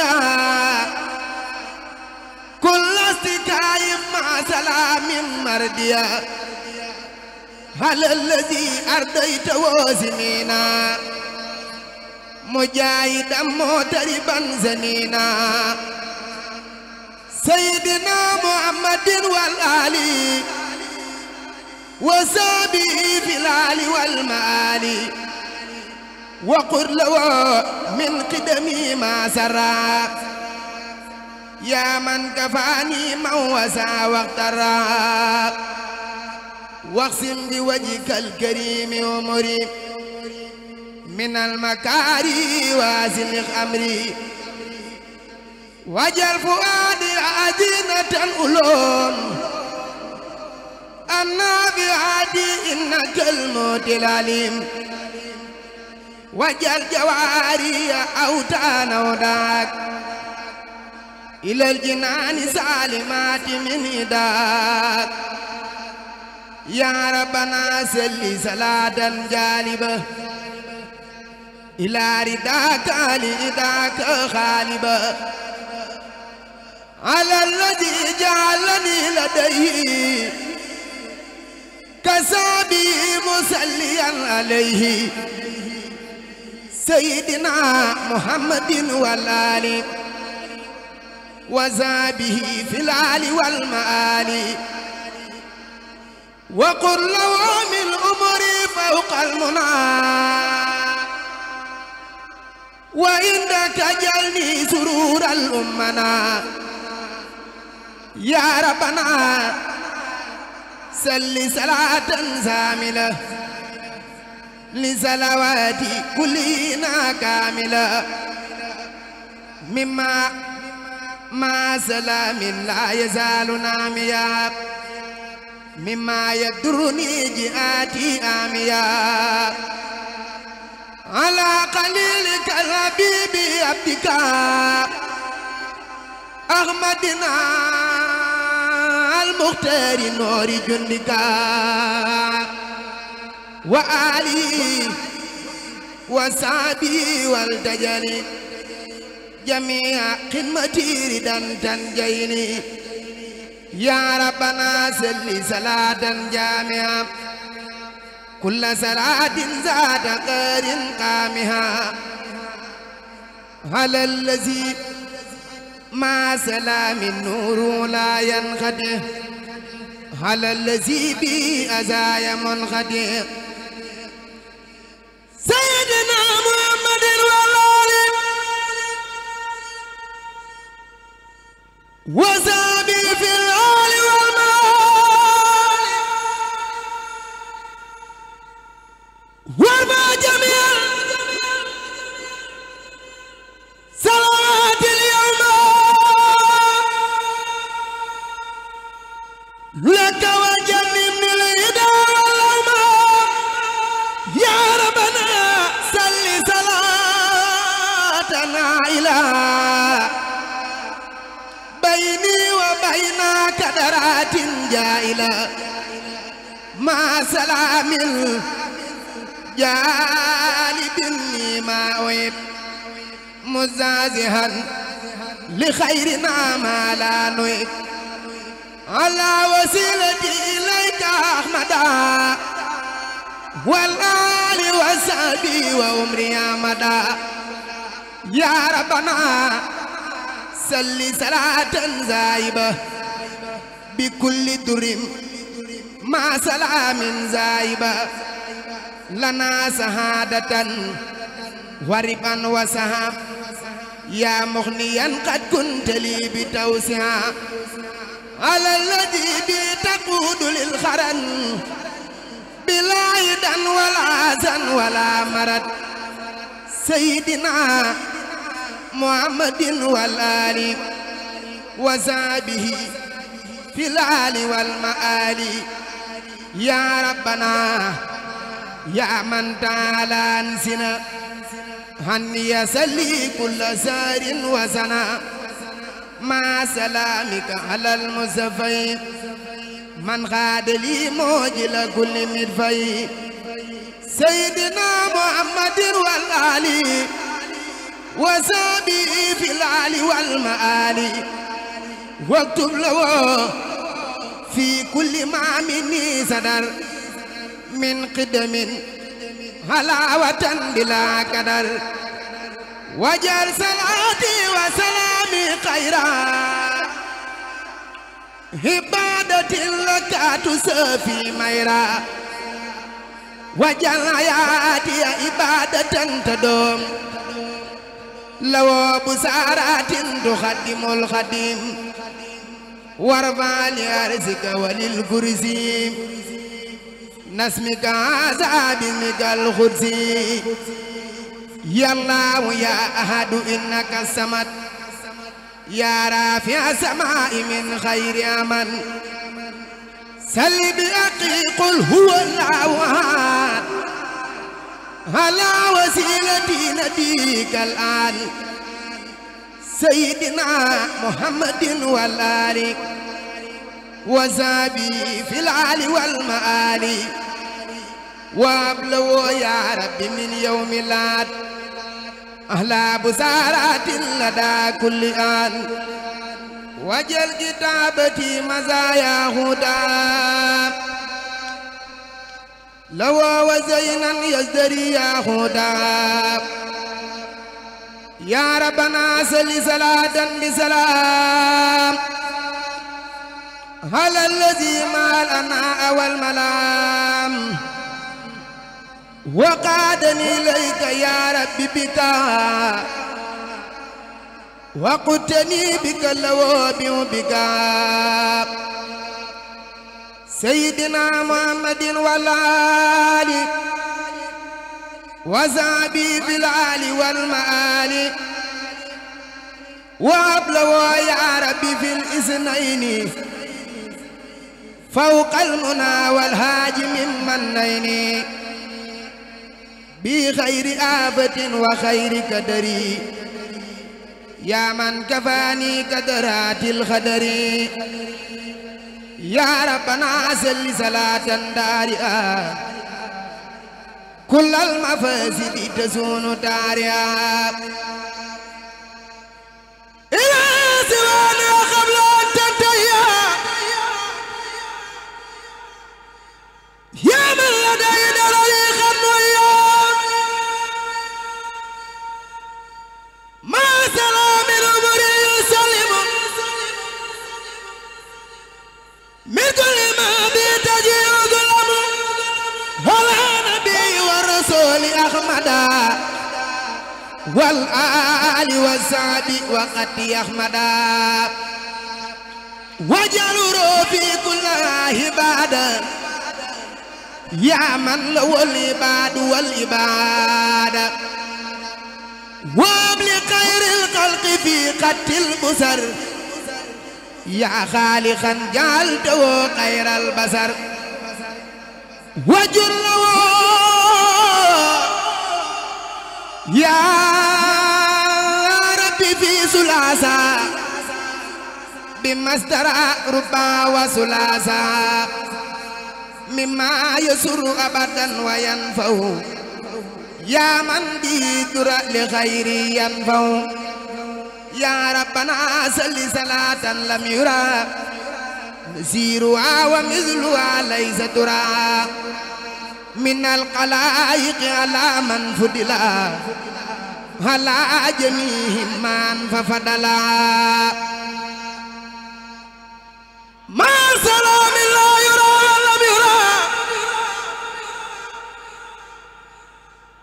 يا كل استكاء مع سلام مرديا هل الذي أرديت وزنينا مجاهدا مغتربا زنينا سيدنا محمد والآل وصحبه في الآل والمآل وقر له من قدمي ما سرى يا من كفاني من وسع واقترى واقسم بوجهك الكريم أمري من المكاري وازلق أمري وجل فؤادي عدينة ألوم أنا بعادي إنك الموت العليم wajal jawaari awtaan aw daak ilal jinaani saalimaati min idaak yaa rabbana selli salaatan jaaliba ilaa ridaaka li idaaka xaaliba ala alladi jaalani ladayhi kasaabi musalliyan alayhi سيدنا محمد والآل وزابه في الآل والمآل وقل له من أمري فوق المنى وإنك جلني سرور الأمنا يا ربنا سل صلاة زاملة لزلواتي كلنا كاملا مما ما سلام لا يزال ناميا مما يدرني جئاتي آميا على قليلك الحبيب عبدك أحمدنا المختار نور جندك wa ali wa saabi wal dajali jami'a xidmati ridan tan jayni ya rabbana salli salatan jami'a kulla salatin zaata qarin qamiha ala allazi ma salamin nuru la yanqati ala allazi bi azaya munqati سيدنا محمد والآل وزاد والآل وصحبي وعمري مدى يا ربنا صل صلاة زايبة بكل در مع سلام زايبة لنا سهادة ورفا وسهام يا مغنيا قد كنت لي بتوسعا على الذي بتقود للخرن bila idan wala zan wala marat sayyidina muhammadin wal ali wa sahbihi fil ali wal maali ya rabbana ya man taala ansina hanni ya salli kulla saarin wa sana ma salaamika alal musafayn man xaadali mooji la kulli mit fay seydina muhammadin wal ali wa saabi fil ali wal maali waktub lawoo fi kulli ma minni sadar min qidamin halawatan bila kadar wajal salaati wa salaami xayra عبادة لك تسافي ميرا وجعل حياتي عبادة تدوم لو بسارات تخدم الخديم وارفع لأرزك وللكرسي نسمك عذاب منك الخرسي يا الله يا أحد إنك الصمد يا رافع السماء من خير أمن سل بأقي قل هو الأوان على وسيلتي نبيك الآن سيدنا محمد والآل وزابي في العال والمآل وابلغوا يا رب من يوم لات أهلا بسارات لدى كل آن وجل كتابتي مزايا هدى لو وزينا يزدري يا هدى يا ربنا سل صلاة بسلام هل الذي ما لنا أول ملام وقادني إليك يا ربي بتا وقتني بك اللوابي بك سيدنا محمد والآل وزعبي بالآل والمآل وأبلغ يا ربي في الإثنين فوق المنى والهاج من منيني bi xayri aafatin wa xayri kadari yaa man kafaani kadaraatil xadari yaa rabbana salli salaatan daari'a kullal mafasidi tasunu taari'a ilaa siwaani wa qabla an tantahiya yaa man ladayhi darari والمدى والآل والصحب وقد أحمدا وجعل روبي كل عبادة يا من له العباد والعبادة وابل خير الخلق في قتل البصر يا خالقا جعلته خير البصر وجل yaa rabbi fi sulaasa bi mastara rubba wa sulaasa mimma yasuru abadan wa yanfaw yaa man bi dura li xayri yanfaw yaa rabbana salli salaatan lam yura siiruwa wa misluwa laysa dura من القلائق على من فدلا على جميعهم من ففدلا ما سلام لا يرى ولا يرى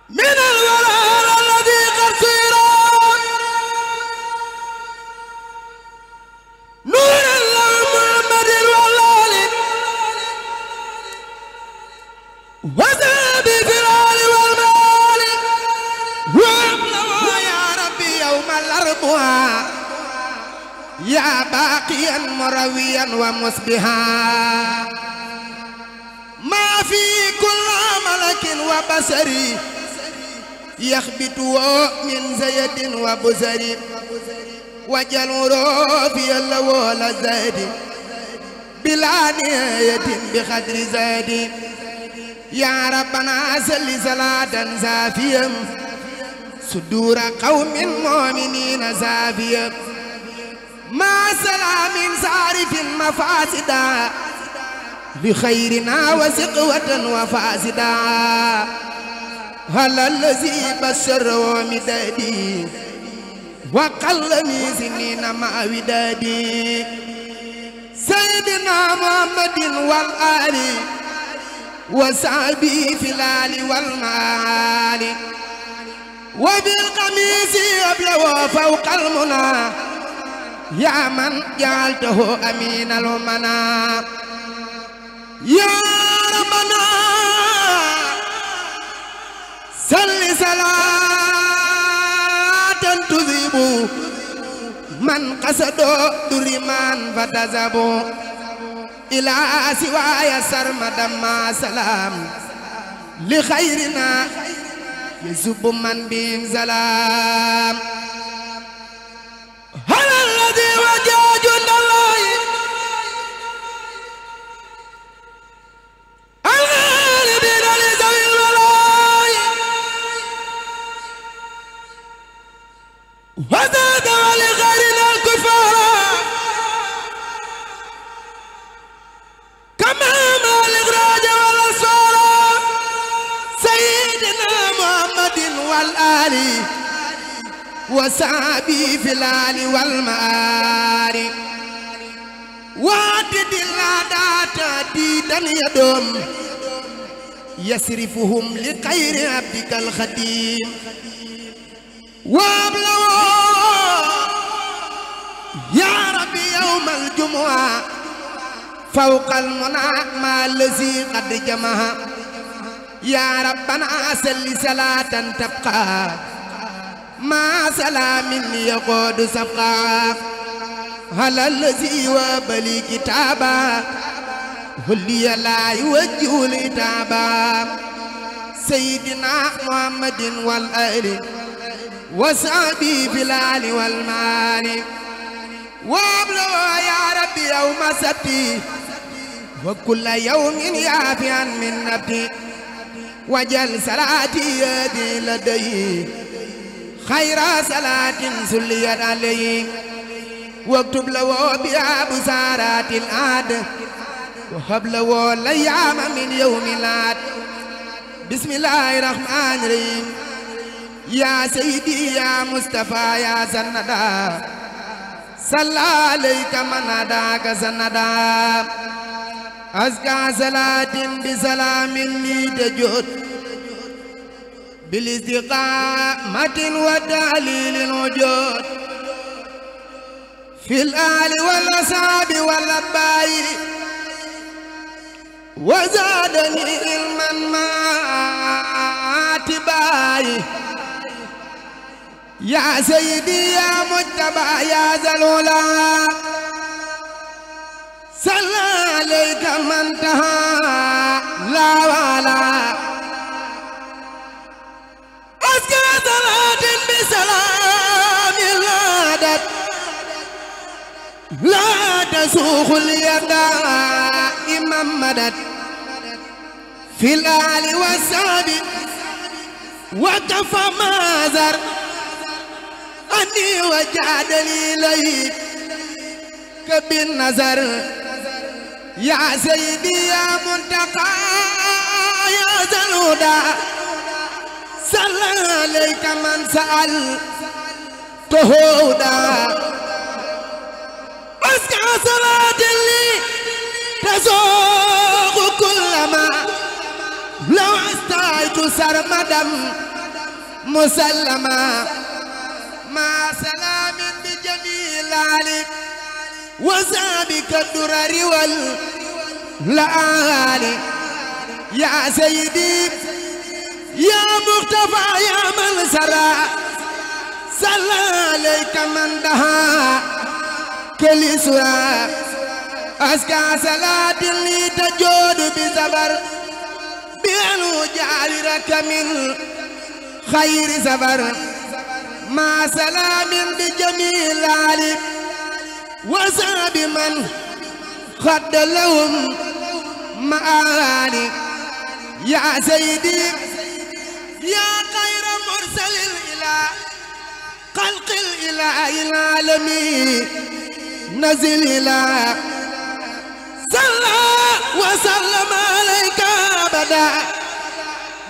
من yaa baaqiyan murawiyan wa musbiha maa fi kulli malakin wa basari yaxbitu min zayadin wa busari wa jaluroo fi yàlla woo la zaydi bilaa niyatin bi xadri zaydi يا ربنا زل زلادا زافيا صدور قوم مؤمنين زافيا ما سلا من زارف مفاسدا لخيرنا وسقوة وفاسدا هل الذي بشر ومدادي وقلني سنين مع ودادي سيدنا محمد والآل وسعبي في الآل والمال وبالقميص أبلغ فوق المنى يا من جعلته أمين المنى يا ربنا سل صلاة تذيب من قصد درمان فتذبوا ilaa siwaaya sarmada ma salaam li xayrina yasubu man bihim salaam What the والآل وسابي في الآل والمآل واتد الأداة تعديدا يدوم يسرفهم لخير عبدك الخديم وابلغوا يا ربي يوم الجمعة فوق المنى ما الذي قد جمعها يا ربنا صل صلاة تبقى مع سلام يقود سبقى على الذي وبلي كتابا هلي لا يوجه لتابا سيدنا محمد والآل وصحبه في الآل والمال وابلغ يا ربي يوم سبتي وكل يوم يافيا من نبتي wajal salaati yadi ladayi xayra salaatin sulliyat alayhi waktub la woo biyaa busaaraatil aad wa hab la woo layyaama min yawmil aad bismillaahi rahmaani rahiim yaa sayyidi yaa Mustapha yaa sannadaa salla alayka man adaaka sannadaa أزكى صلاة بسلام لي تجود بالاستقامة وتعليل وجود في الآل والأصحاب والأبائل وزادني علما ما تباي يا سيدي يا مجتبى يا ذا صلى عليك من تها لا ولا أزكى صلاة بسلام لادت لا تسوخ اليد إمام مدد في الآل والسعب وكفى مازر أني وجعد لي ليك بالنظر يا سيدي يا منتقى يا زلودا صلى عليك من سأل تهودا أسكى صلاة لي تزوق كلما لو استعيت سرمدا مسلما مع سلام بجميل عليك وسابك الدرر واللآل يا سيدي يا مختفى يا من سرى صلى عليك من دها كل سورة أزكى صلاة لي تجود بزبر بأنو جعلك من خير زبر مع سلام بجميل عليك وسع بمن خد لهم معاني يا سيدي يا خير مرسل إلى خلق الإله العالمين نزل إلى صلى وسلم عليك أبدا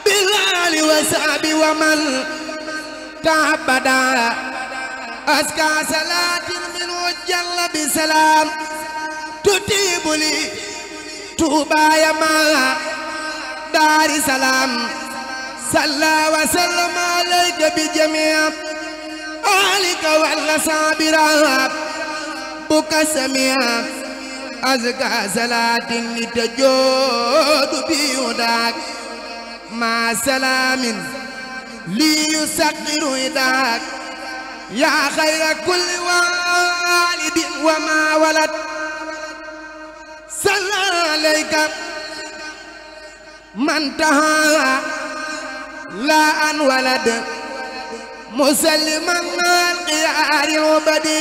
بالآل وسعب ومن تعبدا أزكى صلاة منه جل بسلام تطيب لي توبى يا مالا دار سلام صلى وسلم عليك بجميع أهلك والأصحاب رهاب بك سميع أزكى صلاة لتجود بهداك مع سلام ليسخر يداك yaa xayra kulli waalidin wa maa walad salla alayka man taxaala laa an walad musalliman maa xiyaari ubadi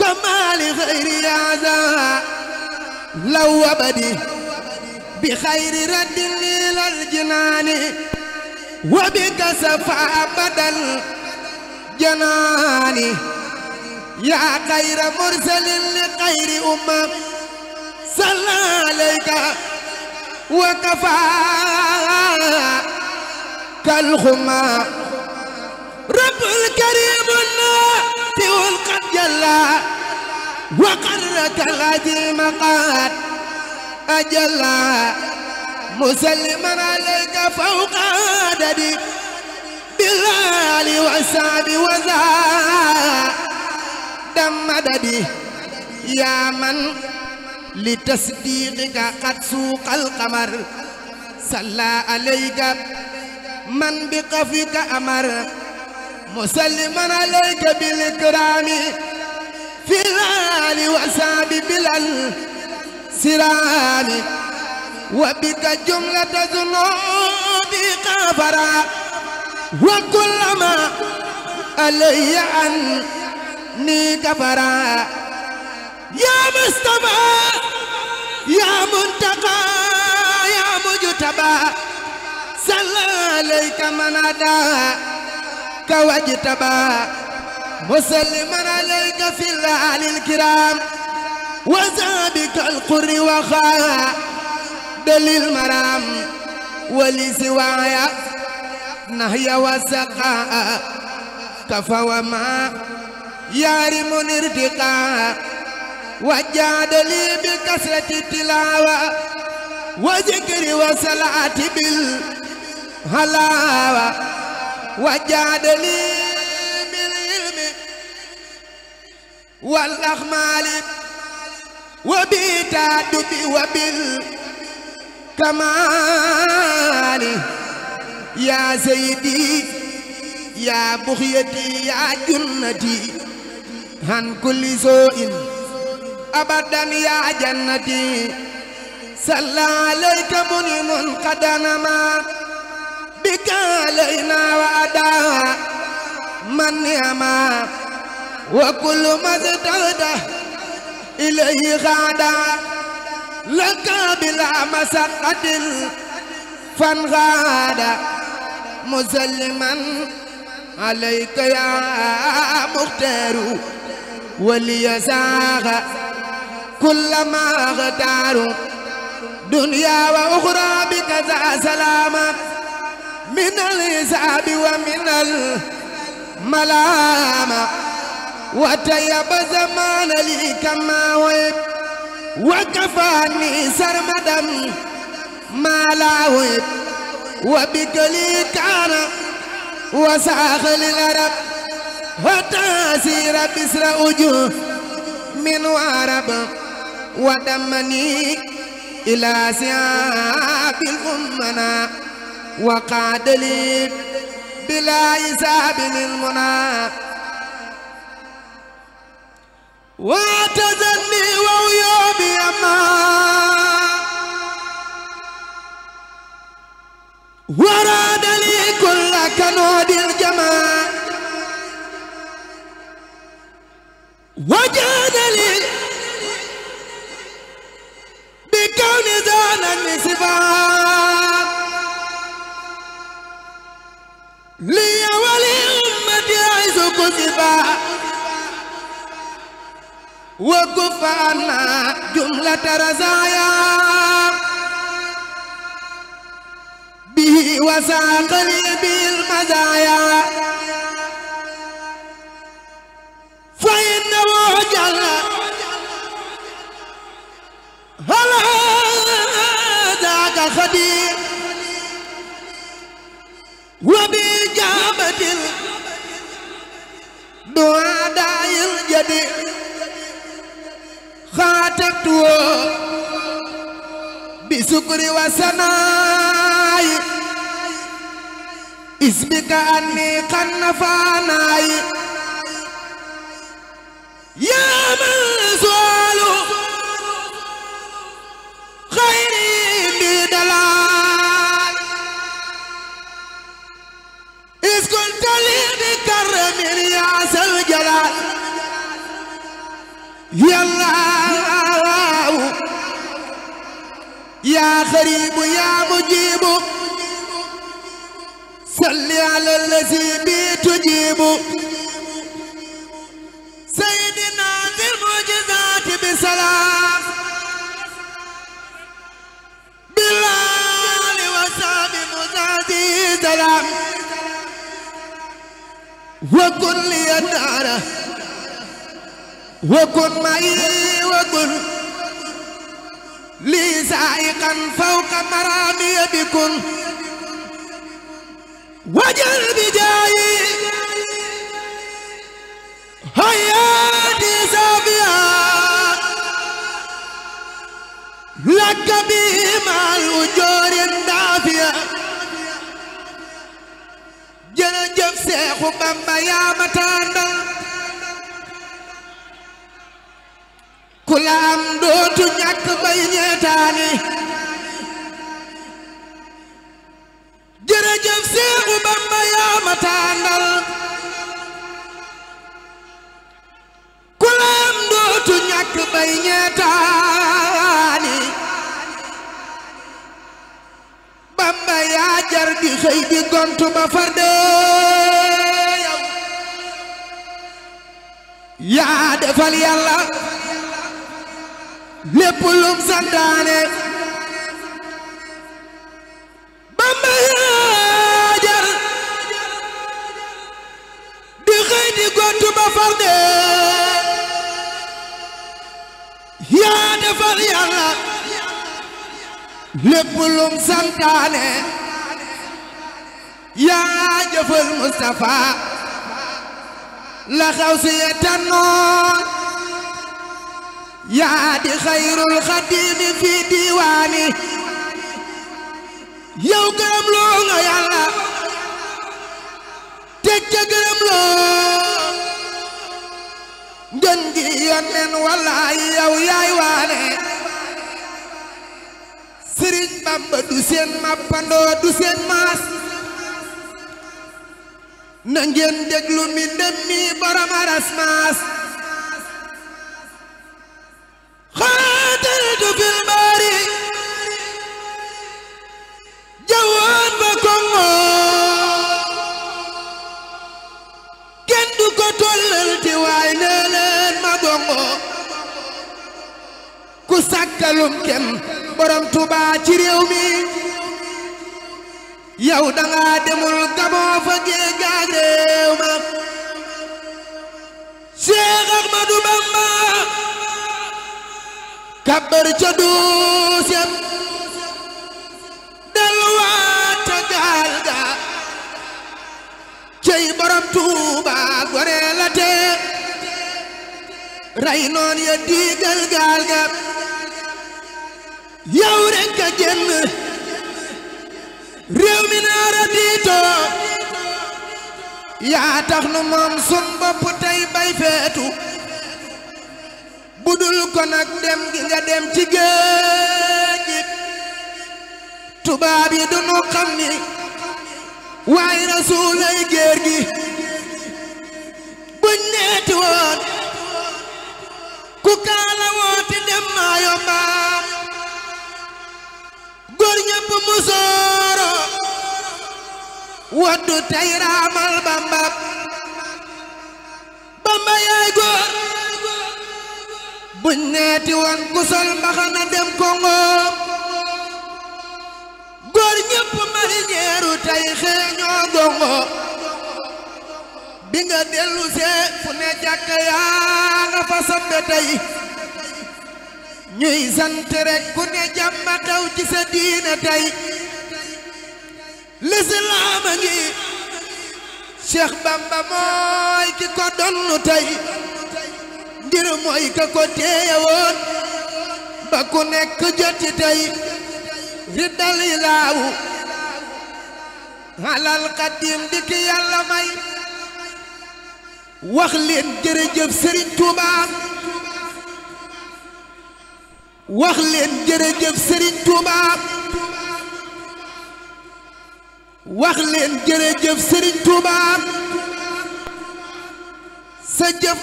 kamaali xayri yaaza law abadi bi xayri raddin lilal jinaani wa bika safa abadan janaani yaa xayra mursalin li xayri umma salla alayka wa kafaa kal xuma rabbul karimun tiwul qad jalla wa qarraka alazima qad ajalla musalliman alayka fawqa adadi الآل والصحب وذا دم مددي يا من لتصديقك قد سوق القمر صلى عليك من بقفك أمر مسلما عليك بالكرام في الآل والصحب بلال سرام وبك جملة ذنوبي غفرا wa kullama alayya an ni kafara ya mustafa ya muntaqa ya mujtaba salla alayka manada ka wajtaba musalliman alayka fil alil kiram wa zabika alqurri wa kha dalil maram wali siwaya نهي وسقاء كفى وما يارم ارتقاء وجاد لي بكسرة التلاوة وذكر وصلاة بالهلاوة وجاد لي بالعلم والأخمال وبتادب وبالكمال yaa sayyidi yaa buxyati yaa junnati han kulli soo'in abadan yaa jannati salla alayka munimun qadanama bika alayna wa adaa man ni'ama wa kullu maztada ilayhi xaada laka bila masaqatin fan xaada مسلما عليك يا مختار وليزاغ كل ما اختار دنيا واخرى بك ذا سلامة من الحساب ومن الملامة وتيب زمان لي كما ويب وكفاني سرمدا ما لا ويب وبك لي كان وساخ للعرب وتأثير بسر وجوه من وعرب ودمني إلى سياب الأمنا وقعد لي بلا حساب المنى واعتزلني وعيوبي أمان وراد لي كل كنود الجمال وجاد لي بكون زان النسبان لي ولأمتي عزك سبا وكف عنا جملة رزايا به وساقني بالمزايا فإنه جل هل ذاك خبير وبإجابة دعاء الجدير خاتمته بسكر وسنان isbika anni qad nafaanaay yaa man sualu xayri bi dalaal iskul tali bi karamin yaa sal jalaal yallaaw yaa xaribu yaa mujibu salli ala allazi bi tujibu sayyidina zil mujizati bi salaam bilali wa sahbi muzadi salaam wa kun li nara wa kun ma'i wa kun li sa'iqan fawqa marami bikun wajal bi jaayi hayaati safiya lakka bi maal ujoori ndaafiya jërëjëf Seexu Bamba yaa ma tàndal ku la am dootu ñàkk bay ñeetaani jërëjëf Seexu Bamba yaa ma ku la am dootu ñàkk bay ñeetaani Bamba yaa jar di xëy di gontu ba far yaa defal yàlla lépp lum santaane far yàlla lépp lum santaane yaa jëfal Mustapha la xaw si ye tannoon yaa di xayrul xadimi fi diwaani yow gërëm loo nga yàlla teg ca gërëm loo ngën gi yonen wallaay yow yaay waane sëriñ du seen mappandoo du seen maas na ngeen déglu mi ndem mi borom aras maas xaataratu fil baari jawoon ba kongo ko tollal ti waay nee ma gongo ku sàkkalum kenn borom tubaa ci réew mi yow danga demul gamoo fa gee gaag réew ma Cheikh Bamba kabbar ca duusem delluwaat ca gaal cey borom tuuba gore ray noon ya gaal ga yow rek ka génn réew mi naara diitoo yaa tax nu moom sun bopp bay feetu budul ko nag dem gi nga dem ci géej tubaab yi du nu xam ni rasulay géer gi buñ neeti woon ku kaala woote dem maa yomba góor ñëpp musooro waddu tey bamba bamba yaay góor buñ neeti woon ku sol mbaxana dem kongo góor ñëpp rigeeru tey xeeñoo gongo bi nga dellu fu ne jàkk yaa nga fa sambe tey ñuy sant rek ku ne jàmba daw ci sa diine tey lislaam ngi Cheikh Bamba mooy ki ko donnu tey ngir mooy ka ko téye woon ba ku nekk joti tey riddal yi laawu alal xaddiim di ki yàlla may wax leen jërëjëf Serigne Touba wax leen jërëjëf Serigne Touba wax leen jërëjëf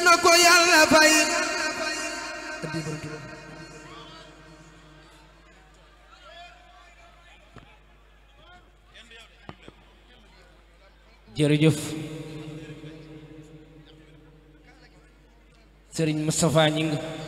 na ko yàlla fay jërëjëf Serigne Moustapha Gningue